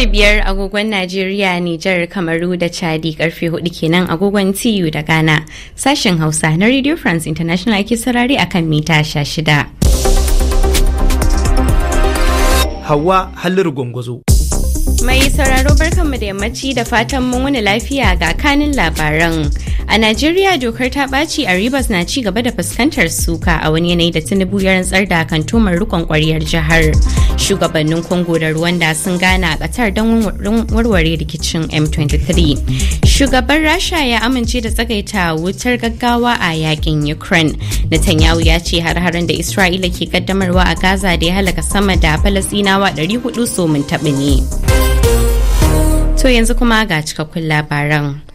karfe biyar agogon Najeriya, Nijar, Kamaru da Chadi karfe hudu kenan agogon TU da Ghana. Sashen Hausa na Radio France International ake sarari akan mita sha shida. Hawa Halliru Gwangwazo. Mai sauraro barkanmu da yammaci da fatan mun wani lafiya ga kanin labaran. A Najeriya dokar ta ɓaci a Rivers na ci gaba da fuskantar suka a wani yanayi da Tinubu ya rantsar da kan tumar rikon kwaryar jihar. Shugabannin Congo da Rwanda sun gana a ƙatar don warware rikicin M23. Shugaban Rasha ya amince da tsagaita wutar gaggawa a yakin Ukraine. Netanyahu ya ce har-haren da Isra'ila ke kaddamarwa a Gaza da ya halaka sama da Falasinawa 400 so mun taɓa ne. To yanzu kuma ga cikakkun labaran.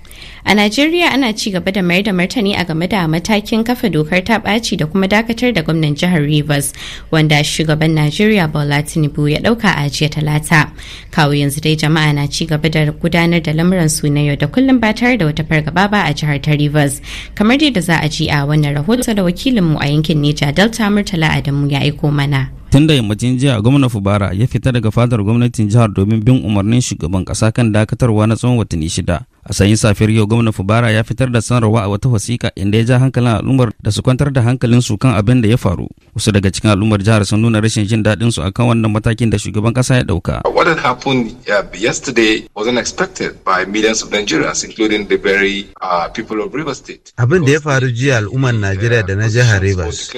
A Najeriya ana ci gaba da mayar da martani a game da matakin kafa dokar ta ɓaci da kuma dakatar da gwamnan jihar Rivers wanda shugaban Najeriya Bola Tinubu ya ɗauka a jiya talata. Kawo yanzu dai jama'a na ci gaba da gudanar da lamuran su na yau da kullum ba tare da wata fargaba ba a jihar ta Rivers. Kamar dai da za a ji a wannan rahoto da wakilinmu a yankin Neja Delta Murtala Adamu ya aiko mana. tun da yammacin jiya gwamna fubara ya fita daga fadar gwamnatin jihar domin bin umarnin shugaban kasa kan dakatarwa na tsawon watanni shida a sanyin safiyar yau gwamnan fubara ya fitar da sanarwa a wata wasiƙa inda ya ja hankalin al'ummar da su kwantar da hankalin su kan abin da ya faru wasu daga cikin al'ummar jihar sun nuna rashin jin daɗin su akan wannan matakin da shugaban ƙasa ya ɗauka. What had happened uh, yesterday was unexpected by millions of Nigerians including the very uh, people of Rivers State. Abin da ya faru jiya al'ummar Najeriya da na jihar Rivers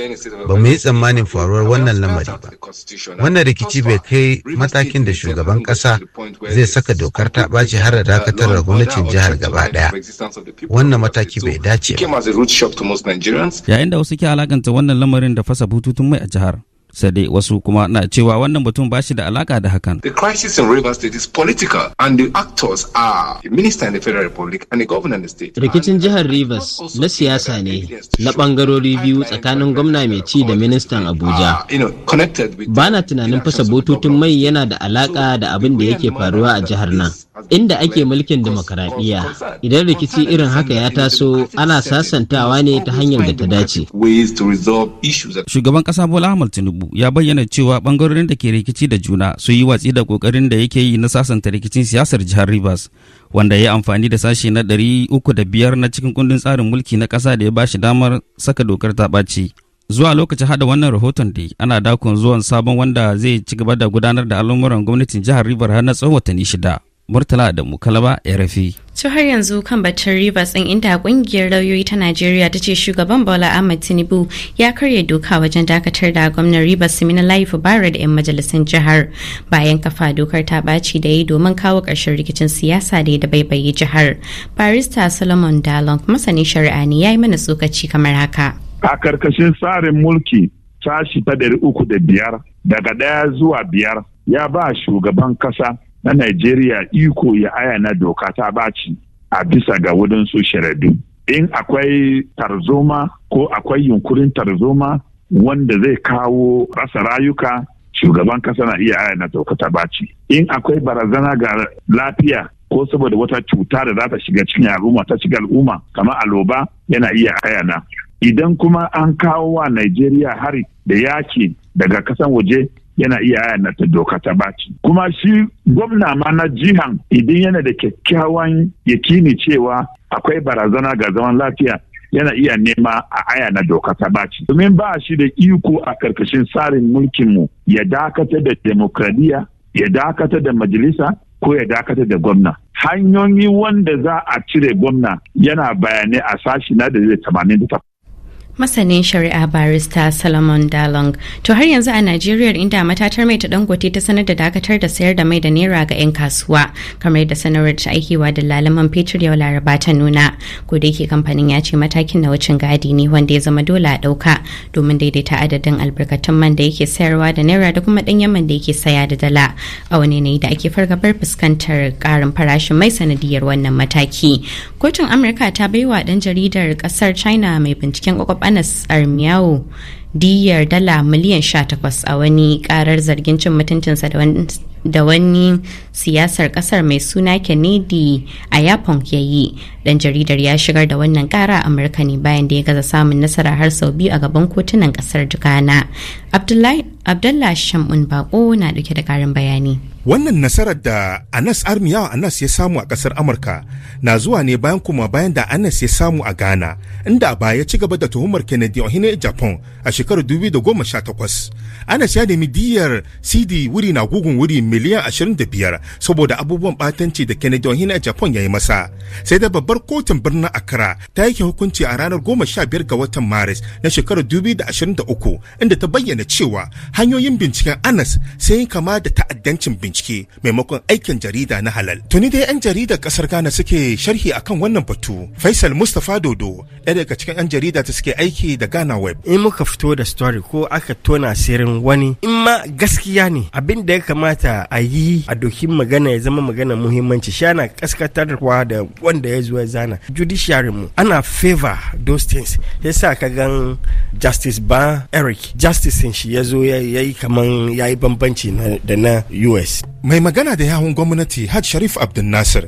ba mu yi tsammanin faruwar wannan lamari ba. Wannan rikici bai kai matakin da shugaban ƙasa zai saka dokar ta ɓaci har da dakatar da gwamnatin jihar gaba daya wannan mataki bai dace ba yayin da wasu ke alakanta wannan lamarin da fasa bututun mai a jihar sai dai wasu kuma na cewa wannan mutum ba shi da alaka da hakan. The crisis in Rivers State is political and the actors are the minister in the Federal Republic and the governor in the state. Rikicin jihar Rivers na siyasa ne na bangarori biyu tsakanin gwamna mai ci da ministan uh, Abuja. Ba na tunanin fasa bututun mai yana da alaka da abin da yake faruwa a jihar nan. Inda ake mulkin demokaradiyya idan rikici irin haka ya taso ana sasantawa ne ta hanyar da ta dace. Shugaban ƙasa Bola Ahmed Tinubu ya bayyana cewa bangarorin da ke rikici da juna su yi watsi da kokarin da yake yi na sasanta rikicin siyasar jihar Rivers wanda ya yi amfani da sashe na ɗari uku da biyar na cikin kundin tsarin mulki na ƙasa da ya ba shi damar saka dokar ta ɓaci. Zuwa lokacin hada wannan rahoton dai ana dakon zuwan sabon wanda zai ci gaba da gudanar da al'amuran gwamnatin jihar Rivers har na tsawon watanni shida. Murtala da Mukalaba RFI. To har yanzu kan batun Rivers ɗin inda kungiyar lauyoyi ta Najeriya ta ce shugaban Bola Ahmed Tinubu ya karya doka wajen dakatar da gwamnan Rivers laifu bara da 'yan majalisar jihar bayan kafa dokar ta ɓaci da yi domin kawo ƙarshen rikicin siyasa da ya dabaibaye jihar. Barista Solomon Dalong masanin shari'a ne ya yi mana tsokaci kamar haka. A karkashin tsarin mulki sashi ta ɗari uku da biyar daga ɗaya zuwa biyar ya ba shugaban kasa na Najeriya iko ya ayana doka ta baci a bisa ga wadansu sharadu. In akwai tarzoma ko akwai yunkurin tarzoma wanda zai kawo rasa rayuka shugaban kasa na iya na doka ta baci. In akwai barazana ga lafiya ko saboda wata cuta da za ta shiga cikin al'umma ta shiga al'umma kamar aloba yana iya ayana. Idan kuma an kawo wa Najeriya hari da yaki daga kasan waje yana iya ta doka ta baci kuma shi gwamna ma na jihan idan yana da kyakkyawan yakini cewa akwai barazana ga zaman lafiya yana iya nema a aya na doka ta baci domin ba shi da iko a karkashin tsarin mulkinmu ya dakata da demokradiyya ya dakata da majalisa ko ya dakata da gwamna hanyoyi wanda za a cire gwamna yana bayanai a sashi na da zai masanin shari'a barista salomon Dalong. To har yanzu a Najeriya inda matatar mai ta dangote ta sanar da dakatar da sayar da mai da naira ga 'yan kasuwa kamar da sanarwar ta aikewa da lalaman fetur yau laraba ta nuna. Ko da yake kamfanin ya ce matakin na wucin gadi ne wanda ya zama dole a dauka domin daidaita adadin albarkatun man da yake sayarwa da naira da kuma ɗanyen man da yake saya da dala. A wani ne da ake fargabar fuskantar karin farashin mai sanadiyar wannan mataki. Kotun Amurka ta baiwa dan jaridar kasar China mai binciken kwakwab Anas Armiyawo diyar dala miliyan 18 a wani karar zargin cin mutuncinsa da wani siyasar kasar mai suna kennedy a yapon ya yi dan jaridar ya shigar da wannan kara a amurka ne bayan da ya gaza samun nasara har sau biyu a gaban kotunan kasar dukana abdullah shamun bako na dauke da karin bayani wannan nasarar da anas armiyawa anas ya samu a kasar amurka na zuwa ne bayan kuma bayan da anas ya samu a ghana inda ba ya ci gaba da tuhumar kennedy a japan a shekarar 2018 ana siya da midiyar cd wuri na gugun wuri miliyan 25 saboda abubuwan batanci da kennedy hina japan ya yi masa sai da babbar kotun birnin accra ta yake hukunci a ranar 15 ga watan maris na shekarar 2023 inda ta bayyana cewa hanyoyin binciken anas sai kama da ta'addancin bincike maimakon aikin jarida na halal tuni dai 'yan jaridar kasar ghana suke sharhi akan wannan batu faisal mustapha dodo ɗaya daga cikin 'yan jarida ta suke aiki da ghana web in muka fito da story ko aka tona sirrin wani in ma gaskiya ne abin da ya kamata a yi a dokin magana ya zama magana muhimmanci shana kaskatarwa da wanda ya zo ya zana judiciary mu ana favor those things ya sa ka gan justice ba eric justice in shi ya zo ya yi kaman ya yi bambanci da na us mai magana da yawun gwamnati hajj sharif abdul nasir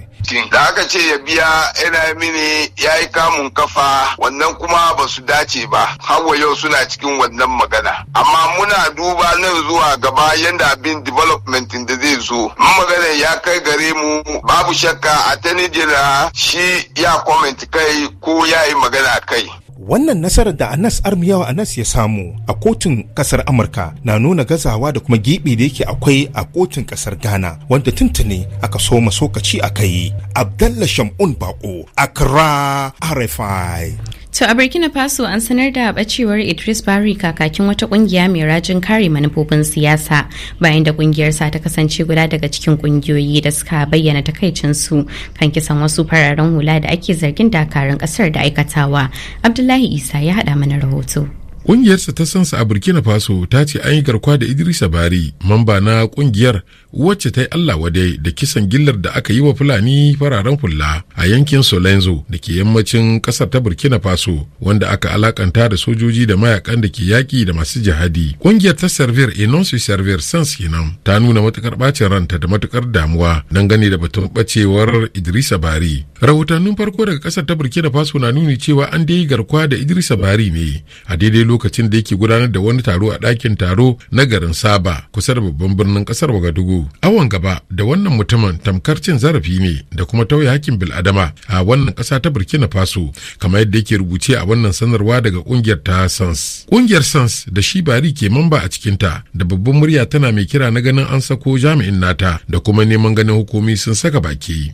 da aka ce ya biya yana mini ya yi kamun kafa wannan kuma ba su dace ba hawa yau suna cikin wannan magana amma muna duba nan zuwa gaba yadda abin development da zai zo magana ya kai gare mu babu shakka a ta shi ya comment kai ko ya yi magana kai Wannan nasarar da Anas Armiyawa Anas ya samu a kotun kasar Amurka na nuna gazawa da kuma gibi da yake akwai a kotun kasar Ghana wanda tuntuni aka so masokaci aka yi. Abdallah Shamun Bako, Accra, RFI. To a Burkina Faso an sanar da bacewar Idris Bari kakakin wata kungiya mai rajin kare manufofin siyasa bayan da kungiyarsa ta kasance guda daga cikin kungiyoyi da suka bayyana takaicinsu kan kisan wasu fararen hula da ake zargin dakarun kasar da aikatawa. Abdullahi Isa ya haɗa mana rahoto. Ƙungiyarsa ta sansa a Burkina Faso ta ce an yi garkuwa da idris Bari, mamba na kungiyar wacce ta yi Allah wadai da kisan gillar da aka yi wa Fulani fararen Hula a yankin Solenzo da ke yammacin ƙasar ta Burkina Faso wanda aka alakanta da sojoji da mayakan da ke yaƙi da masu jihadi. Ƙungiyar ta Servir Enonsu Servir Sans kenan ta nuna matukar ɓacin ranta da matukar damuwa dangane da batun ɓacewar Idrisa Bari. Rahotannin farko daga ƙasar ta Burkina Faso na nuni cewa an dai garkuwa da Idrisa Bari ne a daidai lokacin da yake gudanar da wani taro a ɗakin taro na garin Saba kusa da babban birnin ƙasar Wagadugu. awon gaba da wannan mutumin tamkar cin zarafi ne da kuma tauye hakkin bil'adama a wannan ƙasa ta burkina faso kamar yadda yake rubuce a wannan sanarwa daga kungiyar ta sans kungiyar sans da shi bari ke mamba a cikinta da babban murya tana mai kira na ganin an sako jami'in nata da kuma neman ganin hukumi sun saka baki.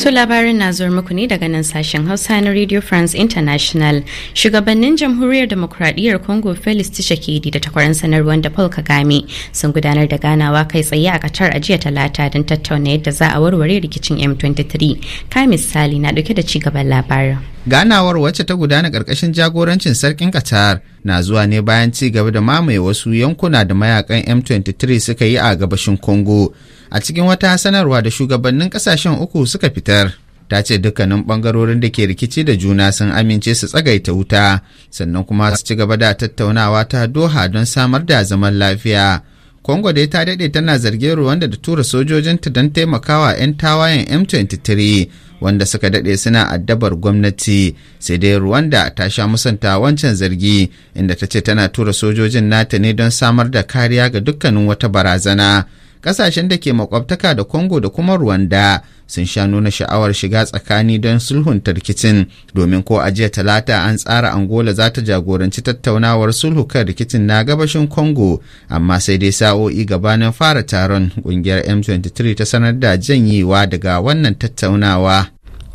To labarin na zuwa muku ne daga nan sashen Hausa na Radio France International. Shugabannin Jamhuriyar Demokradiyyar Congo Felix Tshisekedi da takwaran sanarwar da Paul Kagame sun gudanar da ganawa kai tsaye a Qatar a jiya Talata don tattauna yadda za a warware rikicin M23. Kamis Sali na dauke da cigaban labarin. Ganawar wacce ta gudana ƙarƙashin jagorancin sarkin Qatar na zuwa ne bayan ci gaba da mamaye wasu yankuna da mayakan M23 suka yi a gabashin Congo. a cikin wata sanarwa da shugabannin kasashen uku suka fitar ta ce dukkanin bangarorin da ke rikici da juna sun amince su tsagaita wuta sannan kuma su ci gaba da tattaunawa ta doha don samar da zaman lafiya Kongo dai ta daɗe tana zargin Rwanda da tura sojojinta don taimakawa 'yan tawayen M23 wanda suka daɗe suna addabar gwamnati sai dai Rwanda ta sha musanta wancan zargi inda ta ce tana tura sojojin nata ne don samar da kariya ga dukkanin wata barazana kasashen da ke makwabtaka da congo da kuma rwanda sun sha nuna sha'awar shiga tsakani don sulhunta rikicin domin ko a jiya talata an tsara angola za ta jagoranci tattaunawar sulhu kan rikicin na gabashin congo amma sai dai sa'o'i gabanin fara taron kungiyar m23 ta sanar da janyewa daga wannan tattaunawa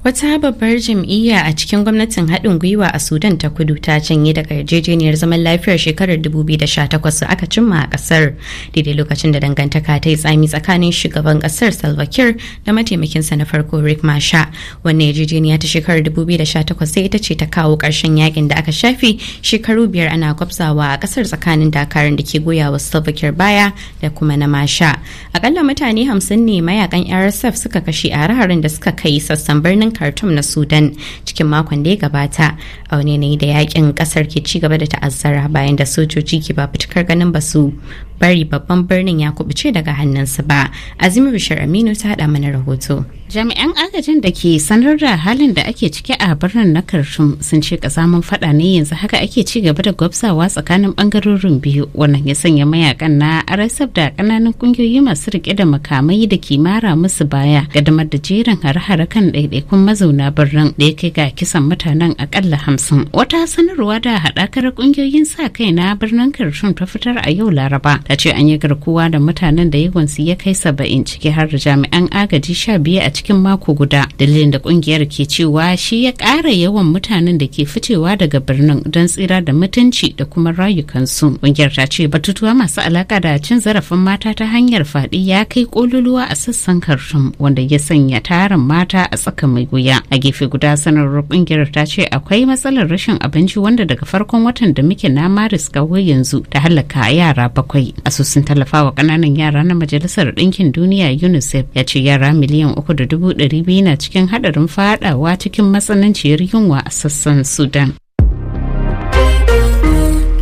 Wata babbar jam'iyya a cikin gwamnatin haɗin gwiwa a Sudan ta kudu ta canye daga yarjejeniyar zaman lafiyar shekarar 2018 aka cimma a ƙasar daidai lokacin da dangantaka ta yi tsami tsakanin shugaban ƙasar Salva Kiir da mataimakinsa na farko Rick Masha. Wannan yarjejeniya ta shekarar 2018 sai ita ce ta kawo ƙarshen yakin da aka shafe shekaru biyar ana gwabzawa a ƙasar tsakanin dakarun da ke goya wa Salva Kiir baya da kuma na Masha. Akalla mutane 50 ne mayakan RSF suka kashe a raharin da suka kai sassan birnin khartoum na sudan cikin makon da ya gabata a wani yanayi da yakin kasar ke ci gaba da ta'azzara bayan da sojoji ke ba fitakar ganin ba su bari babban birnin ya kubuce daga su ba azimi bishar aminu ta hada mana rahoto jami'an agajin da ke sanar da halin da ake ciki a birnin na karshen sun ce kasamin fada ne yanzu haka ake ci gaba da gwabsawa tsakanin bangarorin biyu wannan ya sanya mayakan na rsf da kananan kungiyoyi masu rike da makamai da ke mara musu baya gadamar da jerin hare-hare kan ɗaiɗaikun mazauna birnin da ya kai ga kisan mutanen akalla hamsin. Wata sanarwa da haɗakar ƙungiyoyin sa kai na birnin kartun ta fitar a yau Laraba ta ce an yi garkuwa da mutanen da yawan su ya kai saba'in ciki har da jami'an agaji sha biyu a cikin mako guda. Dalilin da ƙungiyar ke cewa shi ya ƙara yawan mutanen da ke ficewa daga birnin don tsira da mutunci da kuma rayukansu. Ƙungiyar ta ce batutuwa masu alaƙa da cin zarafin mata ta hanyar faɗi ya kai ƙololuwa a sassan kartun. wanda ya sanya tarin mata a tsaka mai wuya a gefe guda sanarwar kungiyar ta ce akwai matsalar rashin abinci wanda daga farkon watan da muke na maris kawo yanzu ta halaka yara bakwai asusun tallafawa kananan yara na majalisar ɗinkin duniya unicef ya ce yara miliyan uku da dubu ɗari biyu na cikin haɗarin fadawa cikin matsananciyar yunwa a sassan sudan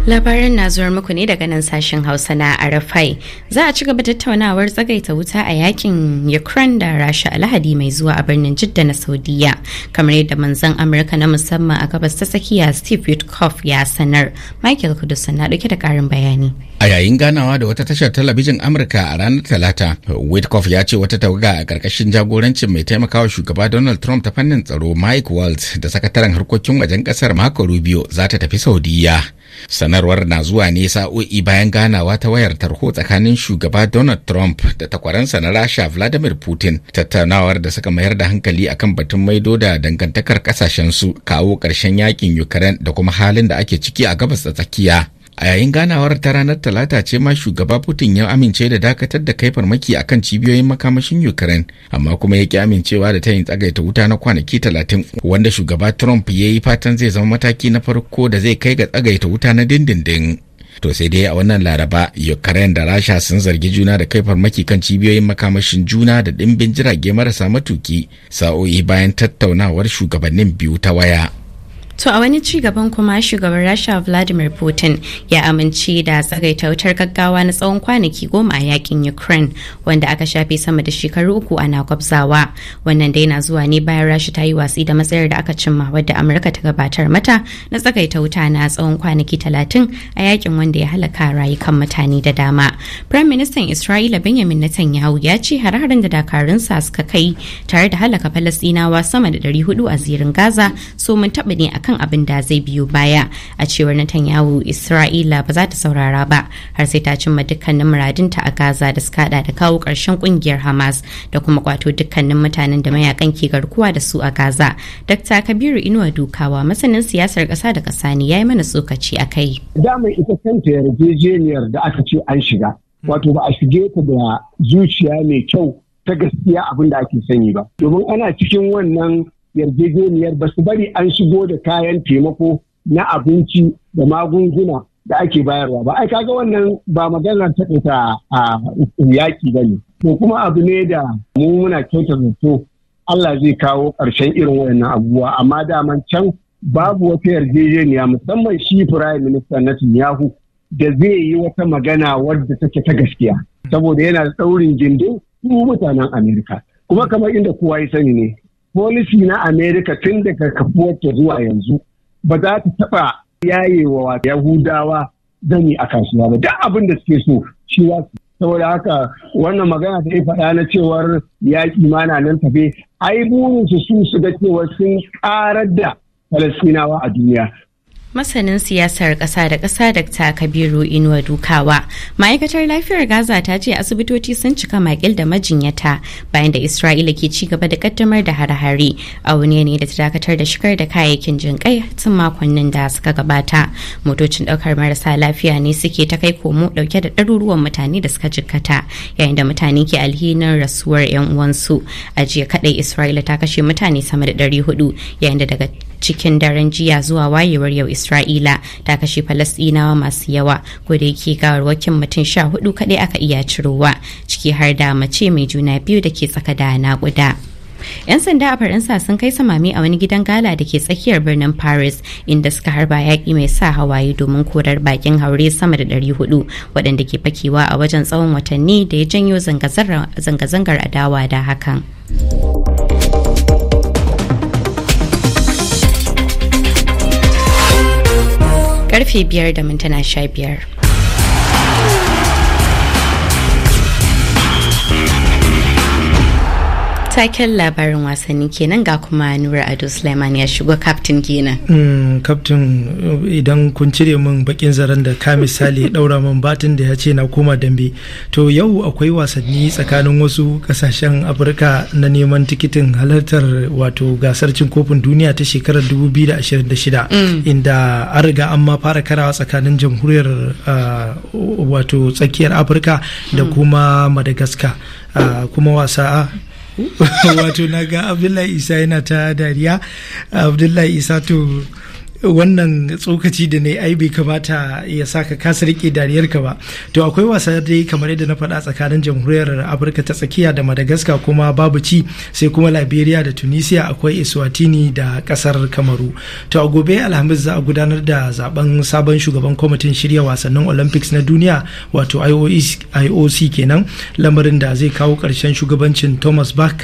Labaran na zuwar muku ne daga nan sashen Hausa na Arafai. Za a ci gaba tattaunawar tsagaita wuta a yakin Ukraine da Rasha Alhadi mai zuwa a birnin Jidda na Saudiya. Kamar yadda manzan Amurka na musamman a gabas ta tsakiya Steve Witkoff ya sanar. Michael Kudusan na dauke da karin bayani. A yayin ganawa da wata tashar talabijin Amurka a ranar Talata, Witkoff ya ce wata tawaga a karkashin jagorancin mai taimakawa shugaba Donald Trump ta fannin tsaro Mike Waltz da sakataren harkokin wajen ƙasar Marco Rubio za ta tafi Saudiya. sanarwar na zuwa ne sa'o'i bayan ganawa ta wayar tarho tsakanin shugaba donald trump da takwaransa na rasha vladimir putin tattaunawar da suka mayar da hankali akan batun maido da dangantakar kasashensu kawo ƙarshen yakin ukraine da kuma halin da ake ciki a gabas da tsakiya a yayin ganawar ta ranar talata ce ma shugaba putin ya amince da dakatar da kai farmaki kan cibiyoyin makamashin ukraine amma kuma ya ki amincewa da ta yin tsagaita wuta na kwanaki talatin wanda shugaba trump ya yi fatan zai zama mataki na farko da zai kai ga tsagaita wuta na dindindin to sai dai a wannan laraba ukraine da rasha sun zargi juna da kai farmaki kan cibiyoyin makamashin juna da dimbin jirage marasa matuki sa'o'i bayan tattaunawar shugabannin biyu ta waya To a wani ci gaban kuma shugaban Rasha Vladimir Putin ya amince da tsagaita wutar gaggawa na tsawon kwanaki goma a yakin Ukraine wanda aka shafe sama da shekaru uku ana gwabzawa. Wannan da yana zuwa ne bayan Rasha ta yi watsi da matsayar da aka cimma wadda Amurka ta gabatar mata na tsagaita wuta na tsawon kwanaki talatin a yakin wanda ya halaka rayukan mutane da dama. Prime Minister Isra'ila Benjamin Netanyahu ya ce hare-haren da dakarunsa suka kai tare da halaka Falasɗinawa sama da hudu a zirin Gaza so mun taɓa ne a kan abin da zai biyo baya a cewar Netanyahu Isra'ila ba za ta saurara ba har sai ta cimma dukkanin muradinta a Gaza da suka da kawo ƙarshen ƙungiyar Hamas da kuma kwato dukkanin mutanen da mayakan ke garkuwa da su a Gaza. Dr. Kabiru Inuwa Dukawa masanin siyasar ƙasa da ƙasa ne ya yi mana tsokaci a kai. Damar ita kanta yarjejeniyar da aka ce an shiga. Wato ba a shige ta da zuciya mai kyau ta gaskiya abin da ake sani ba. Domin ana cikin wannan yarjejeniyar ba su bari an shigo da kayan taimako na abinci da magunguna da ake bayarwa ba ai kaga wannan ba maganar ta a yaƙi ba ne to kuma abu ne da mu muna kyautar zato Allah zai kawo ƙarshen irin wayannan abubuwa amma daman can babu wata yarjejeniya musamman shi firayim minista Netanyahu da zai yi wata magana wadda take ta gaskiya saboda yana da tsaurin gindin mutanen Amerika kuma kamar inda kowa ya sani ne policy na Amerika tun daga kafuwarta zuwa yanzu ba za ta taɓa yayewa Yahudawa zani a kasuwa ba. Duk abin da suke so shi za su. Saboda haka wannan magana ta yi faɗa na cewar yaƙi mana nan tafe, ai burinsu su su ga cewar sun ƙarar da Falasinawa a duniya. masanin siyasar ƙasa da ƙasa Dr. Kabiru Inuwa Dukawa. Ma'aikatar lafiyar Gaza ta ce asibitoci sun cika makil da majinyata bayan da Isra'ila ke ci gaba da kaddamar da hare-hare a wani ne da ta dakatar da shigar da kayayyakin jinƙai tun makonnin da suka gabata. Motocin ɗaukar marasa lafiya ne suke ta kai komo ɗauke da ɗaruruwan mutane da suka jikkata yayin da mutane ke alhinin rasuwar 'yan uwansu. A jiya kaɗai Isra'ila ta kashe mutane sama da 400 yayin da daga cikin daren jiya zuwa wayewar yau Isra'ila ta kashe Falasɗinawa masu yawa ko da yake gawarwakin mutum sha hudu kaɗai aka iya cirowa ciki har da mace mai juna biyu da ke tsaka da naƙuda. 'yan sanda a faransa sun kai samami a wani gidan gala da ke tsakiyar birnin paris inda suka harba yaƙi mai sa hawaye domin korar bakin haure sama da 400 waɗanda ke fakewa a wajen tsawon watanni da ya janyo zanga-zangar adawa da hakan. karfe biyar da mintuna sha biyar. taken labarin wasanni kenan ga kuma nura ado suleiman ya shigo kaftin kenan kaftin mm, idan kun cire min bakin zaren da ka misali daura min batin da ya ce na koma dambe to yau akwai wasanni tsakanin wasu kasashen afirka na neman tikitin halartar wato gasar cin kofin duniya ta shekarar 2026 mm. inda an riga an ma fara karawa tsakanin jamhuriyar ah, wato tsakiyar afirka da mm. kuma madagascar ah, kuma wasa ah, wato na ga abdullahi isa yana ta dariya abdullahi isa to wannan tsokaci da ne ai bai kamata ya saka kasa rike dariyarka ba to akwai wasa dai kamar yadda na faɗa tsakanin jamhuriyar afirka ta tsakiya da madagascar kuma babu ci sai kuma liberia da tunisia akwai eswatini da kasar kamaru to a gobe alhamis za a gudanar da zaben sabon shugaban kwamitin shirya wasannin olympics na duniya wato ioc e, kenan lamarin da zai kawo ƙarshen shugabancin thomas bach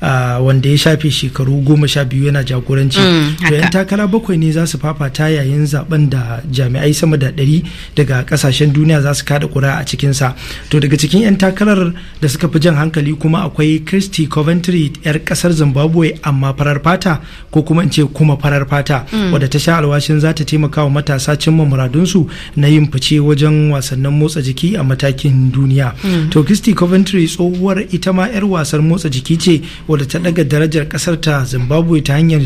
ah, wanda ya shafe shekaru goma sha biyu yana jagoranci mm, to 'yan takara bakwai ne za su fafata yayin zaben da jami'ai sama da ɗari daga ƙasashen duniya za su kada kura a cikinsa to daga cikin 'yan takarar da suka fi jan hankali kuma akwai christy coventry 'yar ƙasar zimbabwe amma farar fata ko kuma in ce kuma farar fata mm. wadda ta sha alwashin za ta taimaka wa matasa cimma muradunsu na yin fice wajen wasannin motsa jiki a matakin duniya mm. to christy coventry tsohuwar ita ma 'yar wasan motsa jiki ce wadda ta daga darajar ƙasar ta zimbabwe ta hanyar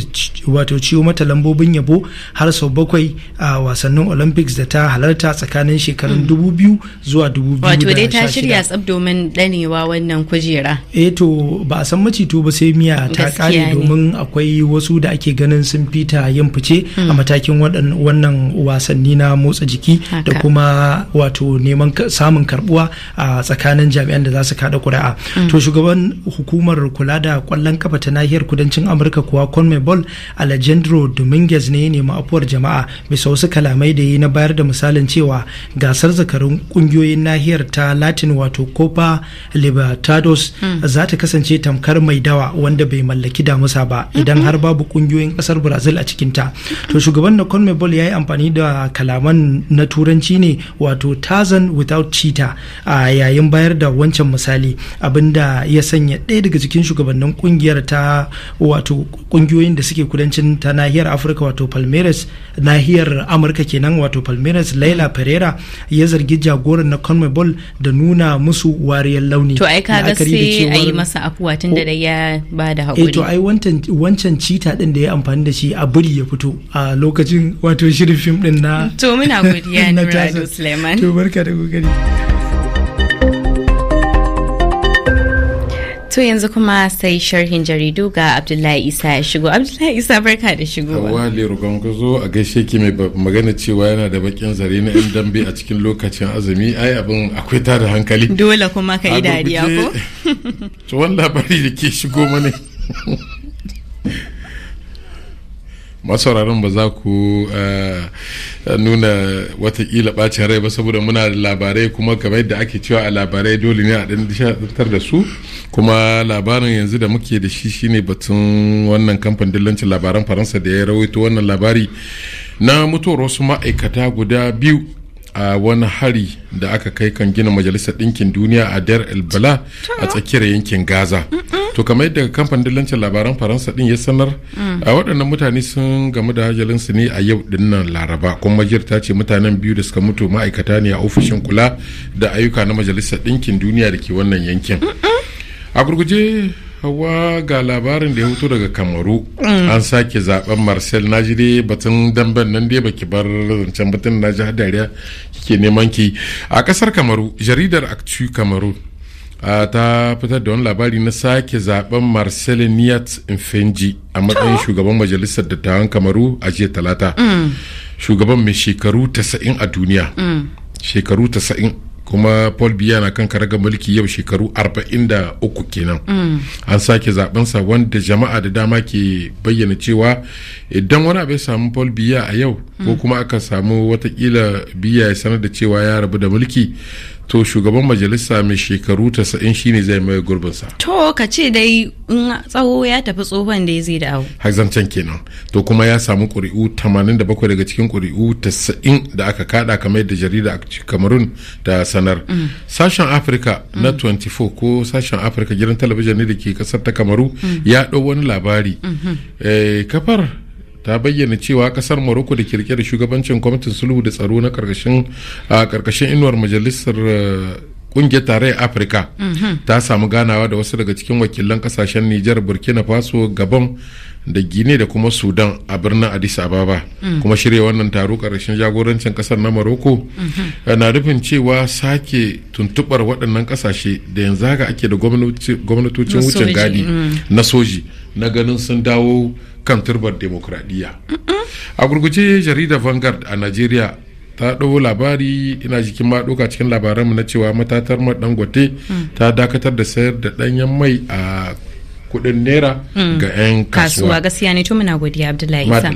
wato ciwo mata lambobin yabo har sau bakwai a wasannin olympics da ta halarta tsakanin shekarun 2000 zuwa 2016 wato dai ta shirya tsab domin danewa wannan kujera eh to ba a san macito ba sai miya ta kare domin akwai wasu da ake ganin sun fita yin fice a hmm. matakin wannan wasanni na motsa jiki da kuma wato neman samun karbuwa a tsakanin jami'an da za su kada kuri'a hmm. to shugaban hukumar kula da kwallon kafa ta nahiyar kudancin amurka kuwa conmebol alejandro dominguez ne ne nemi afuwar jama'a bisa wasu kalamai da yi na bayar da misalin cewa gasar zakarun kungiyoyin nahiyar ta latin wato copa libertados hmm. za ta kasance tamkar mai dawa wanda bai mallaki damusa ba idan mm-hmm. har babu kungiyoyin kasar brazil a cikinta to shugaban na conmebol ya yi amfani da kalaman na turanci ne wato tazan without cheetah a yayin bayar da wancan misali abinda ya sanya ɗaya daga cikin shugabannin kungiyar ta wato kungiyoyin da suke kudancin ta nahiyar afirka wato palmeiras palmeiras nahiyar amurka kenan wato palmeiras laila pereira ya zargi jagoran na conmebol da nuna musu wariyar launi to ai kaga sai a yi masa afuwa tun da ya ba da hakuri eh, to ai wancan cita din da ya amfani da shi a buri ya fito a lokacin wato shirin fim din na to muna godiya radio Suleiman to barka da kokari To yanzu kuma sai sharhin jaridu ga Abdullahi Isa ya shigo. Abdullahi Isa barka da shigo. Hawa Lero zo a gaishe ki mai magana cewa yana da bakin zare na 'yan dambe a cikin lokacin azumi ai abin akwai tada hankali. Dole kuma ka yi dariya ko? To wani labari da ke shigo mana. masauraran ba za ku eh, nuna watakila bacin rai ba saboda muna da labarai kuma game da ake cewa a labarai dole ne a ɗan da su kuma labarin yanzu da muke da shi shine batun wannan kamfan dillancin labaran faransa da ya rawaito wannan labari na mutuwar wasu ma'aikata guda biyu a wani hari da aka kai kan gina majalisar ɗinkin duniya a dar el bala a tsakiyar yankin gaza to kamar yadda kamfanin dillancin labaran faransa din ya sanar mm. a waɗannan mutane sun gamu da hajalinsu ne a yau dinnan laraba kuma majiyar ta ce mutanen biyu da suka mutu ma'aikata ne a ofishin kula da ayyuka na majalisar ɗinkin duniya da ke wannan yankin a gurguje hawa ga labarin da ya hutu daga kamaru an sake zaben marcel najire batun damben nan dai baki bar zancen batun naji hadariya kike neman ki a kasar kamaru jaridar actu kamaru ta fitar da wani labari na sake zaben marcel niat infenji a matsayin shugaban majalisar dattawan kamaru a jiya talata mm. shugaban mai shekaru 90 a duniya mm. shekaru 90 kuma paul biya na kan karaga mulki yau shekaru 43 kenan mm. an sake zabensa wanda jama'a da dama ke bayyana cewa idan wani abu ya samu paul biya a yau ko mm. kuma aka samu watakila biya ya sanar da cewa ya rabu da mulki to shugaban majalisa mai shekaru tasa'in shine zai mai gurbinsa to ka ce dai tsawo ya tafi tsohon da ya zai dawo hazancan kenan to kuma ya samu ƙuri'u 87 daga cikin ƙuri'u 90 da aka kada kamar da jarida kamarun da sanar mm. sashen afirka na 24 mm. ko sashen afirka gidan talabijin ne da ke kasar ta kamaru mm. ya ɗau wani labari mm-hmm. eh, kafar ta bayyana cewa kasar morocco da kirke da shugabancin kwamitin sulhu da tsaro na karkashin inuwar majalisar eh, kungiyar tarayyar afirka mhm. ta samu ganawa da wasu daga cikin wakilan kasashen nijar burkina faso gabon da gine da kuma sudan a birnin addis ababa mm. kuma shirya wannan taro karshen jagorancin kasar na maroko mhm. eh, na nufin cewa sake tuntubar waɗannan kasashe da yanzu haka ake da gwamnatocin wucin gadi mm. na soji na ganin sun dawo kan turbar demokradiyya a gurguje jaridar vanguard a najeriya ta ɗau labari ina jikin ma ɗauka cikin labaranmu na cewa matatar man dangote ta dakatar da sayar da ɗanyen mai a kuɗin naira mm. ga 'yan kasuwa gaskiya ne to muna godiya abdullahi isa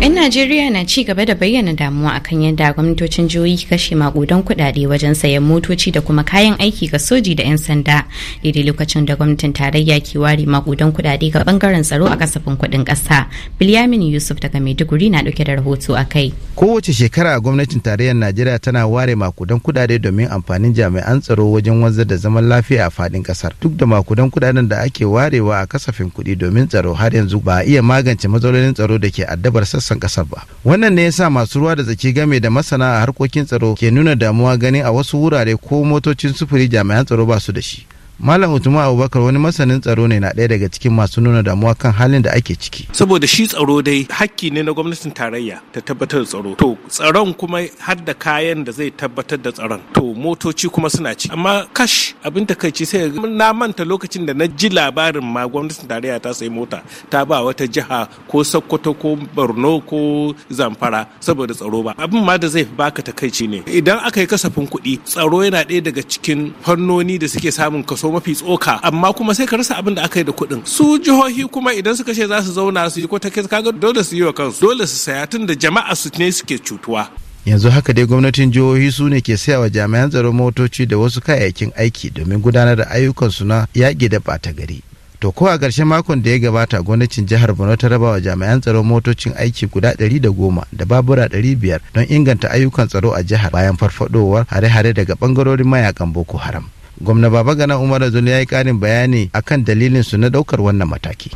'Yan Najeriya na ci gaba da bayyana damuwa akan yadda gwamnatocin jihohi kashe makudan kudade wajen sayan motoci da kuma kayan aiki ga soji da 'yan sanda. Daidai lokacin da gwamnatin tarayya ke ware makudan kudade ga bangaren tsaro a kasafin kudin kasa Bilyamin Yusuf daga Maiduguri na dauke da rahoto a kai. Kowace shekara gwamnatin tarayyar Najeriya tana ware makudan kudade domin amfanin jami'an tsaro wajen wanzar da zaman lafiya a faɗin kasar Duk da makudan kudaden da ake warewa a kasafin kuɗi domin tsaro har yanzu ba a iya magance matsalolin tsaro da ke addabar sassa kasan kasar ba wannan ne sa masu ruwa da tsaki game da masana a harkokin tsaro ke nuna damuwa gani a wasu wurare ko motocin sufuri jami'an tsaro ba su da shi Malam Utuma Abubakar wani masanin tsaro ne na ɗaya daga cikin masu nuna damuwa kan halin da ake ciki. Saboda shi tsaro dai hakki ne na gwamnatin tarayya ta tabbatar da tsaro. To tsaron kuma har da kayan da zai tabbatar da tsaron. To motoci kuma suna ci. Amma kash abin takaici sai na manta lokacin da na ji labarin ma gwamnatin tarayya ta sayi mota ta ba wata jiha ko Sokoto ko Borno ko Zamfara saboda tsaro ba. Abin ma da zai baka takaici ne. Idan aka yi kasafin kuɗi tsaro yana ɗaya daga cikin fannoni da suke samun kaso mafi tsoka amma kuma sai ka rasa abin da aka yi da kuɗin su jihohi kuma idan suka ce za su zauna su yi kwata kaga dole su yi wa kansu dole su saya tun da jama'a su ne suke cutuwa yanzu haka dai gwamnatin jihohi su ne ke sayawa jami'an tsaron motoci da wasu kayayyakin aiki domin gudanar da ayyukan su na yaƙi da ɓata gari to ko a ƙarshen makon da ya gabata gwamnatin jihar borno ta rabawa jami'an tsaron motocin aiki guda 110 da babura 500 don inganta ayyukan tsaro a jihar bayan farfaɗowar hare-hare daga ɓangarorin mayakan boko haram gwamna Baba gana umar zuni ya yi karin bayani akan dalilin su na daukar wannan mataki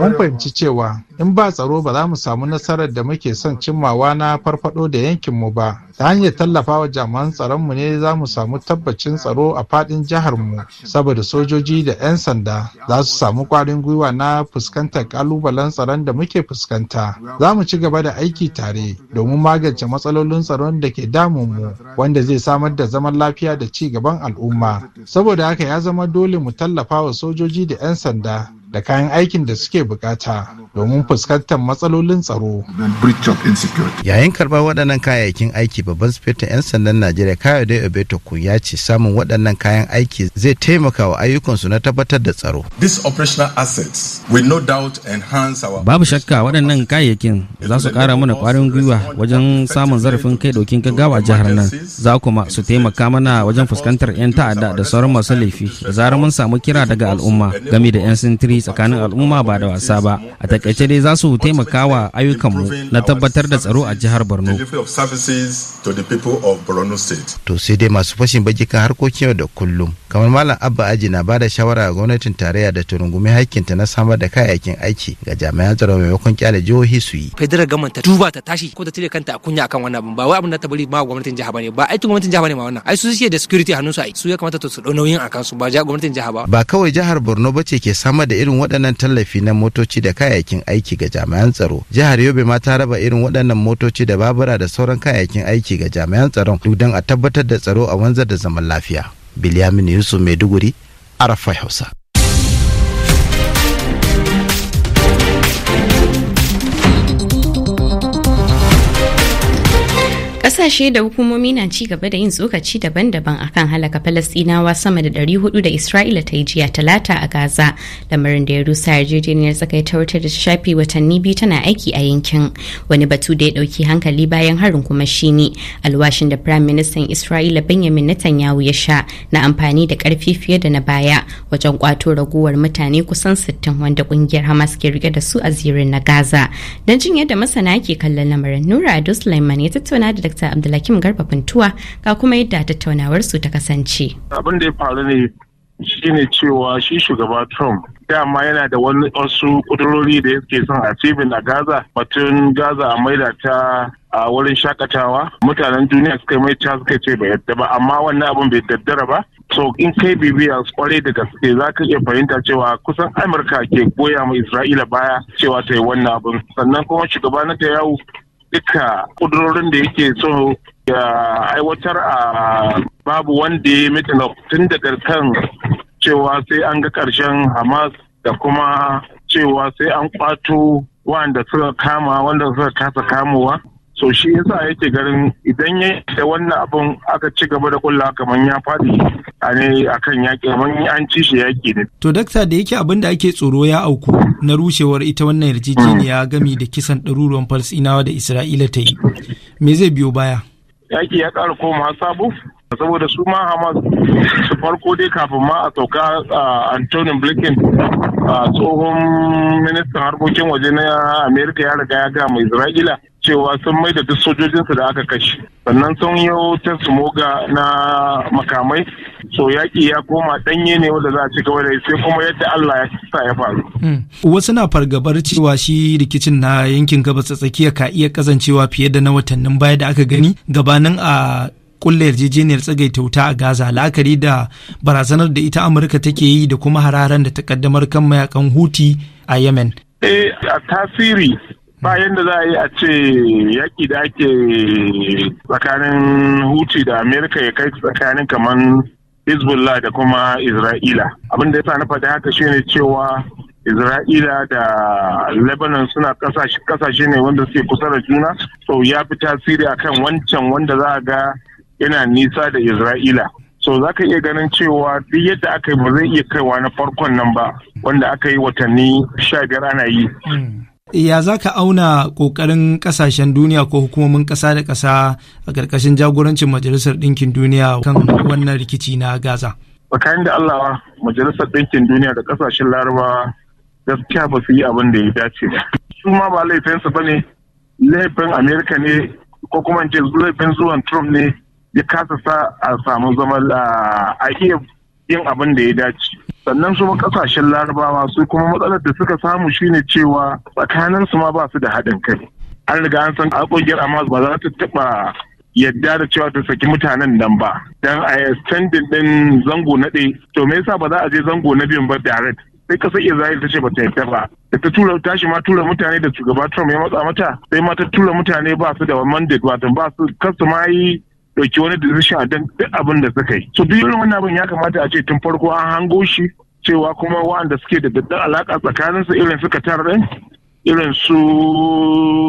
mun fahimci cewa in ba tsaro ba za mu samu nasarar da muke son cimmawa na farfado da yankin mu ba ta hanyar tallafa wa jami'an tsaron mu ne za mu samu tabbacin tsaro a fadin mu saboda sojoji da 'yan sanda za su samu kwarin gwiwa na fuskantar kalubalen tsaron da muke fuskanta za mu ci gaba da aiki tare domin magance matsalolin tsaron da ke damun mu wanda zai samar da zaman lafiya lafiya da ci gaban al'umma saboda haka ya zama dole mu tallafa wa sojoji da 'yan sanda da kayan aikin da suke bukata domin fuskantar matsalolin tsaro. Yayin karbar waɗannan kayayyakin aiki babban sufetin 'yan sandan Najeriya Kayode Obetokun ya ce samun waɗannan kayan aiki zai taimaka wa ayyukansu na tabbatar da tsaro. Babu shakka waɗannan kayayyakin za su ƙara mana ƙwarin gwiwa wajen samun zarafin kai ɗaukin gaggawa a jihar nan za kuma su taimaka mana wajen fuskantar 'yan ta'adda da sauran masu laifi da zarar mun samu kira daga al'umma game da 'yan sintiri tsakanin al'umma ba da wasa ba a takaice dai za su taimaka wa ayyukanmu na tabbatar da tsaro a jihar borno to sai dai masu fashin baki kan harkokin yau da kullum kamar malam abba aji na ba da shawara ga gwamnatin tarayya da ta rungumi hakkinta na samar da kayayyakin aiki ga jami'an tsaro maimakon kyale jihohi su yi federal government ta duba ta tashi ko ta cire kanta a kunya akan wannan abin ba wai abin da ta bari ma gwamnatin jiha bane ba aikin gwamnatin jiha bane ma wannan ai su suke da security hannun su ai su ya kamata to su dau nauyin akan su ba ja gwamnatin jiha ba ba kawai jihar Borno bace ke samar da irin irin waɗannan tallafi na motoci da kayayyakin aiki ga jami'an tsaro jihar yobe ma ta raba irin waɗannan motoci da babura da sauran kayayyakin aiki ga jami'an tsaron don a tabbatar da tsaro a wanzar da zaman lafiya biliyamin yusuf maiduguri arafa hausa kasashe da hukumomi na ci gaba da yin tsokaci daban-daban akan halaka Falasɗinawa sama da 400 da Isra'ila ta yi jiya talata a Gaza, lamarin da ya rusa yarjejeniyar tsakaita wata da shafi watanni biyu tana aiki a yankin. Wani batu da ya dauki hankali bayan harin kuma shine alwashin da Firayim Ministan Isra'ila Benjamin Netanyahu ya sha na amfani da karfi fiye da na baya wajen kwato raguwar mutane kusan 60 wanda kungiyar Hamas ke rike da su a zirin na Gaza. Don jin yadda masana ke kallon lamarin Nura Ado Sulaiman ya tattauna da Dr. Abdulhakim Garba Funtuwa ga kuma yadda tattaunawar su ta kasance. Abin da ya faru ne shine cewa shi shugaba Trump dama yana da wani wasu kudurori da yake son a a Gaza batun Gaza a maida ta a wurin shakatawa mutanen duniya suka mai ta suka ce bai yadda ba amma wannan abin bai daddara ba so in kai bibiya kwarai da gaske za ka iya fahimta cewa kusan amurka ke goya ma isra'ila baya cewa ta yi wannan abin sannan kuma shugaba na ta yawo duka kudurorin da yake so ya aiwatar a babu wanda ya mita tun daga kan cewa sai an ga karshen hamas da kuma cewa sai an kwato wanda suka kama wanda suka kasa kamowa so shi yasa yake garin idan ya da wannan abun aka ci gaba da kulla kamar ya faɗi a ne akan yaƙi kamar an ci shi yaƙi ne. To dakta da yake abin da ake tsoro ya auku na rushewar ita wannan yarjejeniya gami da kisan ɗaruruwan falsinawa da Isra'ila ta yi. Me zai biyo baya? Yaƙi ya ƙara koma Sabu. saboda su ma Hamas su farko dai kafin ma a sauka Antonin Blinken tsohon ministan harkokin waje na Amerika ya riga ya ga Isra'ila cewa sun da duk sojojinsu da aka kashe sannan sun yi ta moga na makamai so yaƙi ya koma ɗanye ne wanda za a ci gaba da sai kuma yadda Allah ya sa ya faru. Hmm. Wasu na fargabar cewa shi rikicin na yankin gabas ta tsakiya ka iya kazancewa fiye da na watannin baya da aka gani gabanin a kulle yarjejeniyar tsagaita wuta a Gaza la'akari da barazanar da ita Amurka take yi da kuma hararen da ta kaddamar kan mayakan Huti a Yemen. Eh a tasiri ba yadda za a yi a ce yaƙi da ake tsakanin huti da amerika ya kai tsakanin kamar hezbollah da kuma isra'ila abin da ya sa na faɗi haka shine cewa isra'ila da lebanon suna kasashe ne wanda suke kusa da juna so ya fi tasiri a kan wancan wanda za a ga yana nisa da isra'ila so za ka iya ganin cewa duk yadda aka yi ba zai iya kaiwa na farkon nan ba wanda aka yi watanni sha biyar ana yi hmm. ya za ka auna ƙoƙarin ƙasashen duniya ko hukumomin ƙasa da ƙasa a ƙarƙashin jagorancin majalisar Dinkin duniya kan wannan rikici na gaza tsakanin da allah majalisar ɗinkin duniya da ƙasashen larabawa gaskiya ba su yi abin da ya dace ba su ma ba laifinsu ba ne laifin amerika ne ko kuma ce laifin zuwan trump ne ya kasa sa a samu zama a iya yin abin da ya dace sannan kuma kasashen larabawa su kuma matsalar da suka samu shine cewa tsakanin su ma ba su da haɗin kai an riga an san a kungiyar amma ba za ta taɓa yadda da cewa ta saki mutanen nan ba dan a extending din zango na ɗaya to me yasa ba za a je zango na biyun ba direct sai kasar Isra'il ta ce ba ta yarda ba da ta tura tashi ma tura mutane da shugaba Trump ya matsa mata sai ma ta tura mutane ba su da mandate wato ba su kasu ma yi ɗauki wani decision don duk abin da suka yi so duk wannan abin ya kamata a ce tun farko an hango shi cewa kuma waɗanda suke da daddan alaƙa tsakaninsu irin suka tara irin su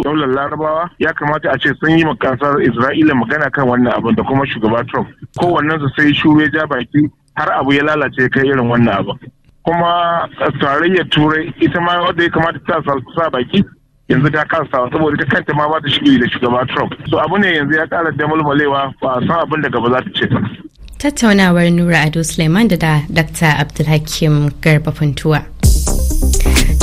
daular larabawa ya kamata a ce sun yi makasar isra'ila magana kan wannan abin da kuma shugaba trump kowannen su sai shure ja baki har abu ya lalace kai irin wannan abin kuma tarayyar turai ita ma wadda ya kamata ta sa baki yanzu ta kansa saboda ta kanta ma ba ta shiri da shugaba Trump. So abu ne yanzu ya kara damalmalewa ba a san abin da gaba za ta ce ta. Tattaunawar Nura Ado Suleiman da Dr. Abdulhakim Garba Funtuwa.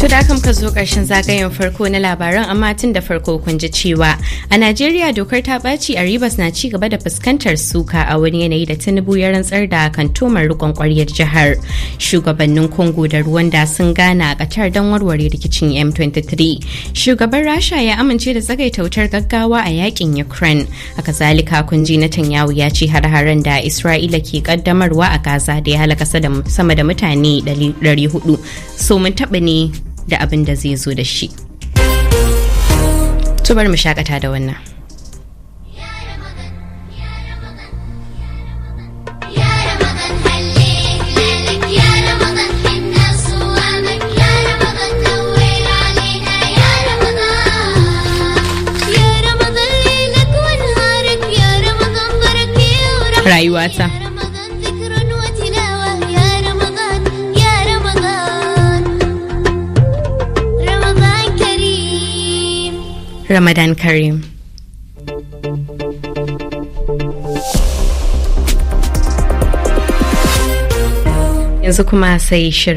da kan ka zo karshen zagayen farko na labaran amma tun da farko kun ji cewa a Najeriya dokar ta ɓaci a Rivers na ci gaba da fuskantar suka a wani yanayi da Tinubu ya rantsar da kantomar rikon ƙwaryar jihar. Shugabannin Congo da Rwanda sun gana a Qatar don warware rikicin M23. Shugaban Rasha ya amince da tsagaita tautar gaggawa a yakin Ukraine. A kazalika kun ji tanyawu ya ci har-haren da Isra'ila ke kaddamarwa a Gaza da ya halaka sama da mutane 400. So mun taɓa ne da abin da zai zo da shi to bari mu shakata da wannan rayuwata Ramadan Karim. Yanzu kuma sai shirin.